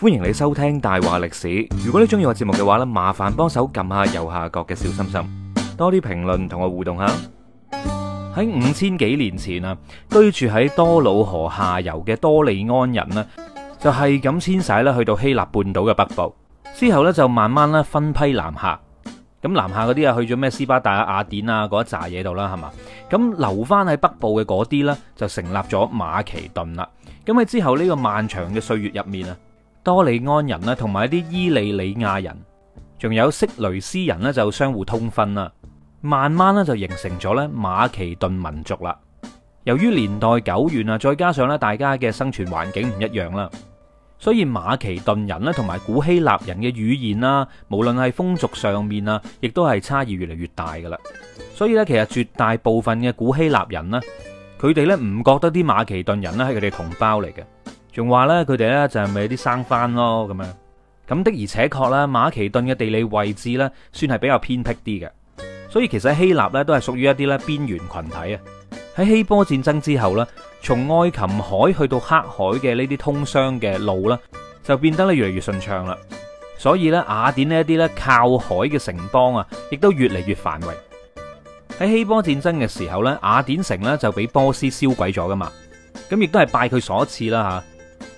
歡迎你收聽大話歷史。如果你中意我節目嘅話呢，麻煩幫手撳下右下角嘅小心心，多啲評論同我互動下。喺 五千幾年前啊，居住喺多瑙河下游嘅多利安人呢，就係咁遷徙啦，去到希臘半島嘅北部之後呢，就慢慢咧分批南下。咁南下嗰啲啊，去咗咩斯巴達啊、雅典啊嗰一紮嘢度啦，係嘛，咁留翻喺北部嘅嗰啲呢，就成立咗馬其頓啦。咁喺之後呢個漫長嘅歲月入面啊。多利安人咧，同埋一啲伊利里亞人，仲有色雷斯人咧，就相互通婚啦。慢慢咧就形成咗咧馬其頓民族啦。由於年代久遠啊，再加上咧大家嘅生存環境唔一樣啦，所以馬其頓人咧同埋古希臘人嘅語言啦，無論係風俗上面啊，亦都係差異越嚟越大噶啦。所以咧，其實絕大部分嘅古希臘人咧，佢哋咧唔覺得啲馬其頓人咧係佢哋同胞嚟嘅。仲話咧，佢哋咧就係咪有啲生番咯？咁樣咁的，而且確啦。馬其頓嘅地理位置呢，算係比較偏僻啲嘅，所以其實希臘呢都係屬於一啲咧邊緣群體啊。喺希波戰爭之後呢，從愛琴海去到黑海嘅呢啲通商嘅路呢，就變得咧越嚟越順暢啦。所以呢，雅典呢一啲咧靠海嘅城邦啊，亦都越嚟越繁榮。喺希波戰爭嘅時候呢，雅典城呢就俾波斯燒鬼咗噶嘛，咁亦都係拜佢所賜啦嚇。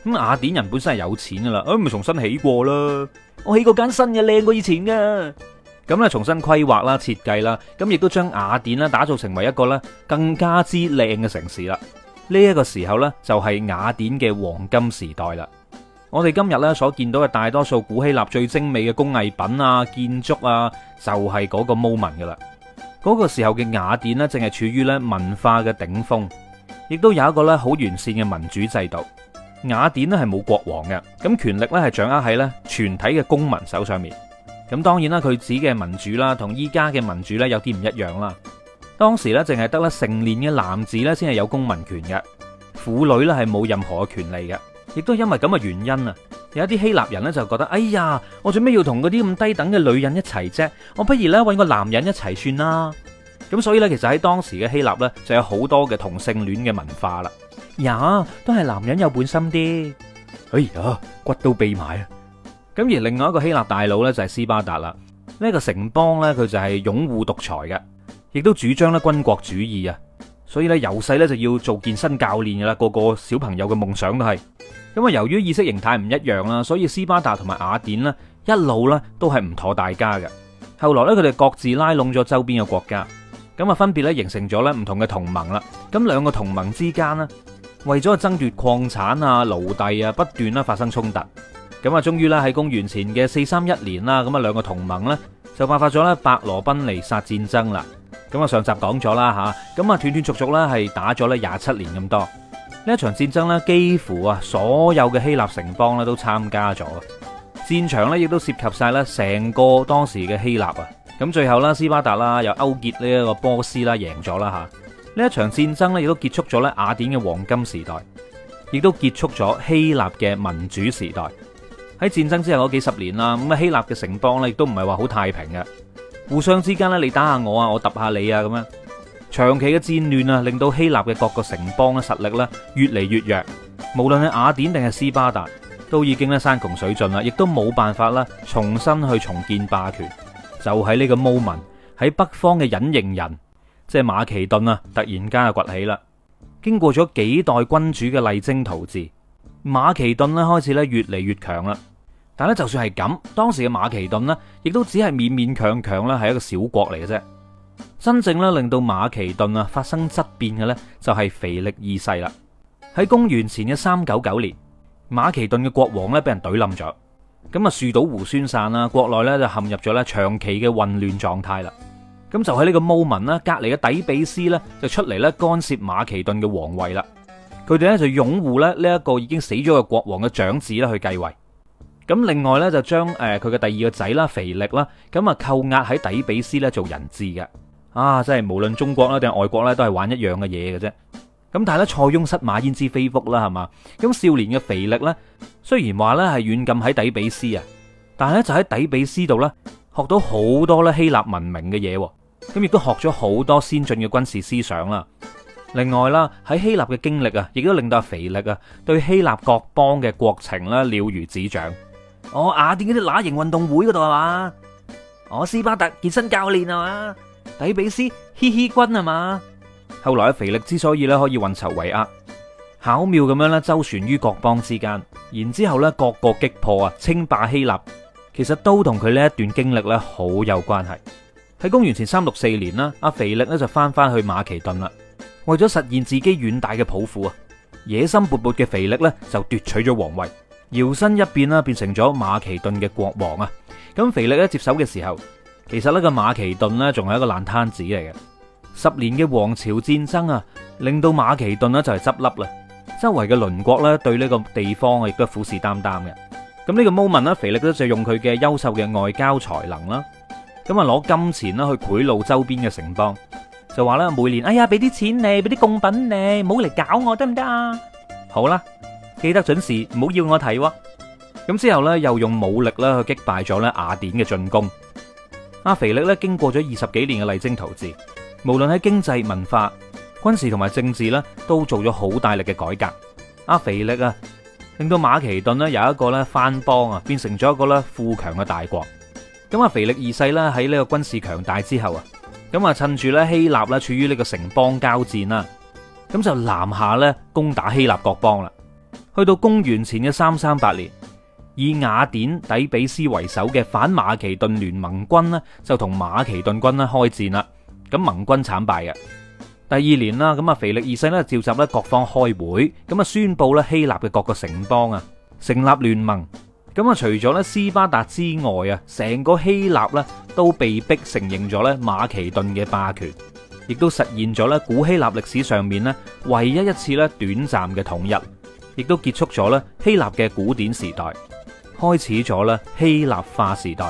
咁雅典人本身係有錢噶啦，誒，咪重新起過啦。我起個間新嘅靚過以前嘅咁咧，重新規劃啦、設計啦，咁亦都將雅典啦打造成為一個咧更加之靚嘅城市啦。呢一個時候呢，就係雅典嘅黃金時代啦。我哋今日呢所見到嘅大多數古希臘最精美嘅工藝品啊、建築啊，就係嗰個 moment 噶啦。嗰個時候嘅雅典呢，正係處於咧文化嘅頂峰，亦都有一個咧好完善嘅民主制度。雅典咧係冇國王嘅，咁權力咧係掌握喺咧全體嘅公民手上面。咁當然啦，佢指嘅民主啦，同依家嘅民主咧有啲唔一樣啦。當時咧淨係得咧成年嘅男子咧先係有公民權嘅，婦女咧係冇任何嘅權利嘅。亦都因爲咁嘅原因啊，有一啲希臘人咧就覺得，哎呀，我做咩要同嗰啲咁低等嘅女人一齊啫？我不如咧揾個男人一齊算啦。咁所以咧，其實喺當時嘅希臘咧就有好多嘅同性戀嘅文化啦。也都係男人有本心啲。哎呀，骨都痹埋啊！咁而另外一個希臘大佬呢就係斯巴達啦。呢個城邦呢佢就係擁護獨裁嘅，亦都主張咧軍國主義啊。所以呢由細呢就要做健身教練噶啦，個個小朋友嘅夢想都係。因為由於意識形態唔一樣啦，所以斯巴達同埋雅典呢一路呢都係唔妥大家嘅。後來呢佢哋各自拉攏咗周邊嘅國家，咁啊分別呢形成咗呢唔同嘅同盟啦。咁兩個同盟之間呢。為咗爭奪礦產啊、奴隸啊，不斷咧發生衝突，咁啊，終於啦喺公元前嘅四三一年啦，咁啊，兩個同盟呢，就爆發咗咧伯羅奔尼撒戰爭啦。咁啊，上集講咗啦吓，咁啊，斷斷續續咧係打咗咧廿七年咁多。呢一場戰爭咧，幾乎啊所有嘅希臘城邦呢都參加咗，戰場呢，亦都涉及晒咧成個當時嘅希臘啊。咁最後啦，斯巴達啦又勾結呢一個波斯啦，贏咗啦吓。呢一場戰爭咧，亦都結束咗咧雅典嘅黃金時代，亦都結束咗希臘嘅民主時代。喺戰爭之後嗰幾十年啦，咁啊希臘嘅城邦咧，亦都唔係話好太平嘅，互相之間咧你打下我啊，我揼下你啊咁樣。長期嘅戰亂啊，令到希臘嘅各個城邦嘅實力咧越嚟越弱，無論係雅典定係斯巴達，都已經咧山窮水盡啦，亦都冇辦法啦，重新去重建霸權。就喺呢個 moment，喺北方嘅隱形人。即係馬其頓啊，突然間啊，崛起啦。經過咗幾代君主嘅勵精圖治，馬其頓咧開始咧越嚟越強啦。但係就算係咁，當時嘅馬其頓呢，亦都只係勉勉強強咧係一個小國嚟嘅啫。真正咧令到馬其頓啊發生質變嘅呢，就係腓力二世啦。喺公元前嘅三九九年，馬其頓嘅國王呢，俾人懟冧咗，咁啊樹倒猢猻散啦，國內呢就陷入咗咧長期嘅混亂狀態啦。咁就喺呢個 moment 啦，隔籬嘅底比斯咧就出嚟咧干涉馬其頓嘅王位啦。佢哋咧就擁護咧呢一個已經死咗嘅國王嘅長子咧去繼位。咁另外咧就將誒佢嘅第二個仔啦，腓力啦，咁啊扣押喺底比斯咧做人質嘅。啊，真係無論中國啦定係外國啦都係玩一樣嘅嘢嘅啫。咁但係咧，塞翁失馬焉知非福啦，係嘛？咁少年嘅腓力咧雖然話咧係軟禁喺底比斯啊，但係咧就喺底比斯度咧學到好多咧希臘文明嘅嘢喎。咁亦都學咗好多先進嘅軍事思想啦。另外啦，喺希臘嘅經歷啊，亦都令到阿腓力啊，對希臘各邦嘅國情啦了如指掌。我、哦、雅典嗰啲乸型運動會嗰度係嘛？我斯巴達健身教練啊嘛？底比斯嘻嘻君啊嘛？後來腓力之所以咧可以運籌帷幄、巧妙咁樣咧周旋於各邦之間，然之後咧各個擊破啊稱霸希臘，其實都同佢呢一段經歷咧好有關係。喺公元前三六四年啦，阿腓力呢就翻翻去馬其頓啦。為咗實現自己遠大嘅抱負啊，野心勃勃嘅腓力呢就奪取咗皇位，搖身一變啦，變成咗馬其頓嘅國王啊。咁腓力呢接手嘅時候，其實呢個馬其頓呢仲係一個爛攤子嚟嘅。十年嘅王朝戰爭啊，令到馬其頓呢就係執笠啦。周圍嘅鄰國呢對呢個地方亦都虎視眈眈嘅。咁、這、呢個 moment 啦，腓力呢就用佢嘅優秀嘅外交才能啦。咁啊，攞金錢啦去賄賂周邊嘅城邦，就話咧，每年，哎呀，俾啲錢你，俾啲貢品你，冇嚟搞我得唔得啊？行行好啦，記得準時，唔好要我睇喎、哦。咁之後呢，又用武力咧去擊敗咗咧雅典嘅進攻。阿腓力咧經過咗二十幾年嘅勵精圖治，無論喺經濟、文化、軍事同埋政治咧，都做咗好大力嘅改革。阿腓力啊，令到馬其頓咧有一個咧藩邦啊，變成咗一個咧富強嘅大國。咁啊，腓力二世啦，喺呢個軍事強大之後啊，咁啊，趁住咧希臘咧處於呢個城邦交戰啦，咁就南下咧攻打希臘各邦啦。去到公元前嘅三三八年，以雅典、底比斯為首嘅反馬其頓聯盟軍咧，就同馬其頓軍咧開戰啦。咁盟軍慘敗嘅。第二年啦，咁啊，腓力二世咧召集咧各方開會，咁啊宣布咧希臘嘅各個城邦啊，成立聯盟。咁啊，除咗咧斯巴達之外啊，成個希臘咧都被逼承認咗咧馬其頓嘅霸權，亦都實現咗咧古希臘歷史上面咧唯一一次咧短暫嘅統一，亦都結束咗咧希臘嘅古典時代，開始咗咧希臘化時代。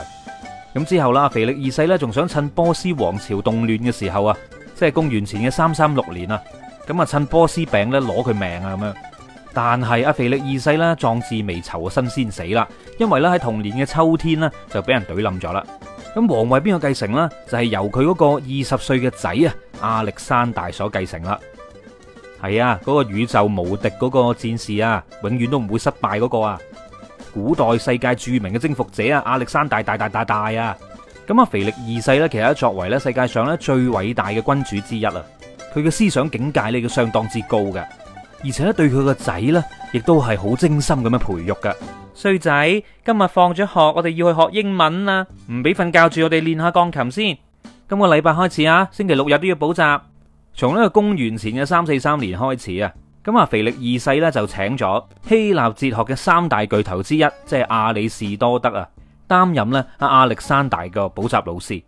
咁之後啦，腓力二世咧仲想趁波斯王朝動亂嘅時候啊，即係公元前嘅三三六年啊，咁啊趁波斯病咧攞佢命啊咁樣。但係阿腓力二世呢，壯志未酬身先死啦，因為咧喺同年嘅秋天呢，就俾人懟冧咗啦。咁王位邊個繼承呢？就係、是、由佢嗰個二十歲嘅仔啊，亞歷山大所繼承啦。係啊，嗰、那個宇宙無敵嗰個戰士啊，永遠都唔會失敗嗰個啊，古代世界著名嘅征服者啊，亞歷山大，大大大大大啊。咁阿腓力二世呢，其實作為呢世界上呢最偉大嘅君主之一啊，佢嘅思想境界呢，佢相當之高嘅。而且咧，對佢個仔呢，亦都係好精心咁樣培育噶衰仔，今日放咗學，我哋要去學英文啦，唔俾瞓覺住我哋練下鋼琴先。今個禮拜開始啊，星期六日都要補習。從呢個公元前嘅三四三年開始啊，咁啊，腓力二世呢，就請咗希臘哲學嘅三大巨頭之一，即係亞里士多德啊，擔任呢阿亞歷山大個補習老師。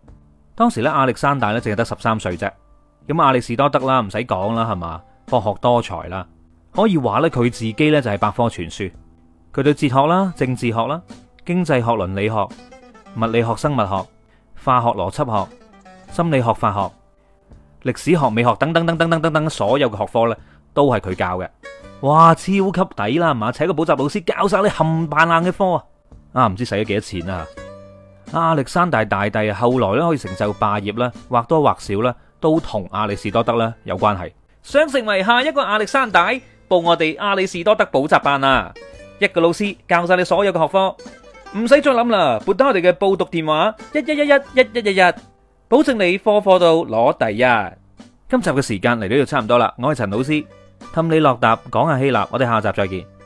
當時呢，亞歷山大呢，淨係得十三歲啫，咁亞里士多德啦，唔使講啦，係嘛博學多才啦。可以話呢，佢自己呢就係百科全書。佢對哲學啦、政治學啦、經濟學、倫理學、物理學、生物學、化學、邏輯學、心理學、法學、歷史學、美學等等等等等等等等等等等等等等所有嘅學科呢，都係佢教嘅。哇，超級抵啦，係嘛？請個補習老師教晒你冚唪唥嘅科啊！啊，唔知使咗幾多錢啊，啊？亞歷山大大帝後來咧可以成就霸業啦，或多或少呢都同亞里士多德啦有關係。想成為下一個亞歷山大？報我哋亞里士多德補習班啊，一個老師教晒你所有嘅學科，唔使再諗啦，撥打我哋嘅報讀電話一一一一一一一一，保證你科科都攞第一。今集嘅時間嚟到呢度差唔多啦，我係陳老師，氹你落搭講下希臘，我哋下集再見。